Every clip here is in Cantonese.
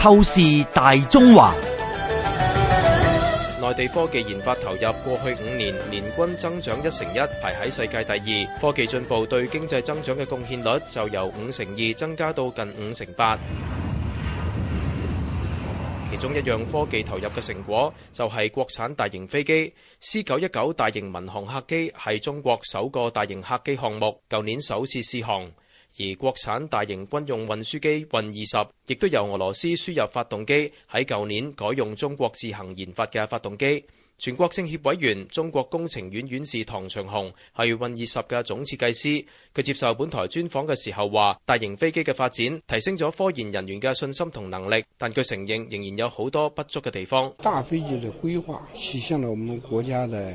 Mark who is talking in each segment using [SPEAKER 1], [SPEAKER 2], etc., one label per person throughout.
[SPEAKER 1] 透視大中華，內地科技研發投入過去五年年均增長一成一，排喺世界第二。科技進步對經濟增長嘅貢獻率就由五成二增加到近五成八。其中一樣科技投入嘅成果就係國產大型飛機 C 九一九大型民航客機，係中國首個大型客機項目，舊年首次試航。而國產大型軍用運輸機運二十亦都由俄羅斯輸入發動機，喺舊年改用中國自行研發嘅發動機。全國政協委員、中國工程院院士唐長紅係運二十嘅總設計師，佢接受本台專訪嘅時候話，大型飛機嘅發展提升咗科研人員嘅信心同能力，但佢承認仍然有好多不足嘅地方。
[SPEAKER 2] 大飛機嘅規劃實現了我們國家嘅，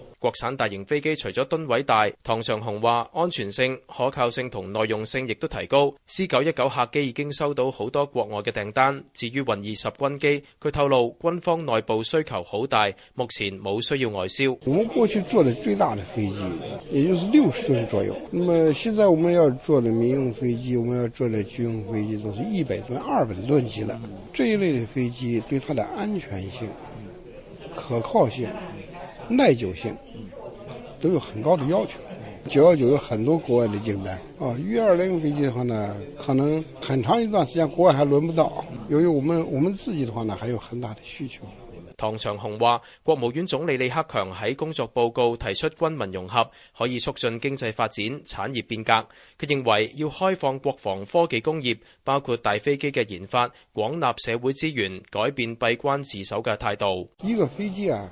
[SPEAKER 1] 國產大型飛機除咗噸位大，唐長紅話安全性、可靠性同耐用性亦都提高。C 九一九客機已經收到好多國外嘅訂單。至於運二十軍機，佢透露軍方內部需求好大，目前冇需要外
[SPEAKER 2] 銷。我們過去做的最大的飛機，也就是六十噸左右。那麼現在我們要做的民用飛機，我們要做的軍用飛機都是一百噸、二百噸級啦。這一類的飛機對它的安全性、可靠性。耐久性都有很高的要求。九幺九有很多國外的訂單啊，運二零飛機的話呢，可能很長一段時間國外還輪不到，由於我們我們自己的話呢，還有很大的需求。
[SPEAKER 1] 唐長紅話，國務院總理李克強喺工作報告提出，軍民融合可以促進經濟發展、產業變革。佢認為要開放國防科技工業，包括大飛機嘅研發，廣納社會資源，改變閉關自守嘅態度。
[SPEAKER 2] 一個飛機啊。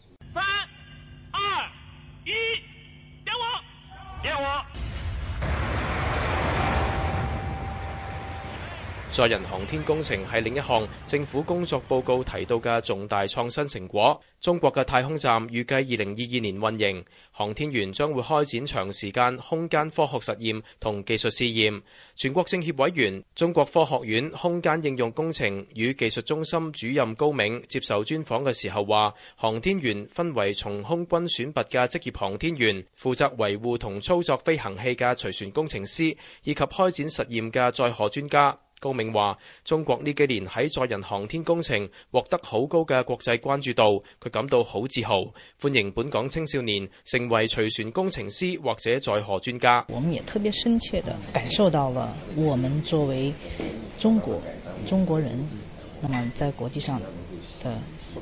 [SPEAKER 1] 載人航天工程係另一項政府工作報告提到嘅重大創新成果。中國嘅太空站預計二零二二年運營，航天員將會開展長時間空間科學實驗同技術試驗。全國政協委員、中國科學院空間應用工程與技術中心主任高銘接受專訪嘅時候話：航天員分為從空軍選拔嘅職業航天員，負責維護同操作飛行器嘅隨船工程師，以及開展實驗嘅載荷專家。高銘話：中國呢幾年喺載人航天工程獲得好高嘅國際關注度，佢感到好自豪，歡迎本港青少年成為隨船工程師或者載荷專家。我們也特別深切的
[SPEAKER 3] 感受到了我們作為中國中國人，那麼在國際上的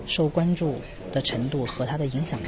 [SPEAKER 3] 受關注的程度和他的影響力，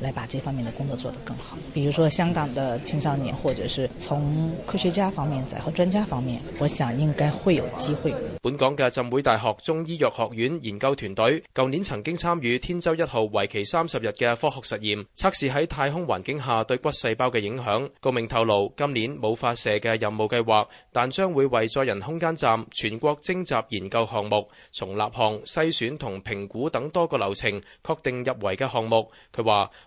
[SPEAKER 3] 來把這方面的工作做得更好，比如說香港的青少年，或者是從科學家方面、載荷專家方面，我想應該會有機會。
[SPEAKER 1] 本港嘅浸會大學中醫藥學院研究團隊，舊年曾經參與天舟一號為期三十日嘅科學實驗，測試喺太空環境下對骨細胞嘅影響。高銘透露，今年冇發射嘅任務計劃，但將會為載人空間站全國徵集研究項目，從立項、篩選同評估等多個流程，確定入圍嘅項目。佢話。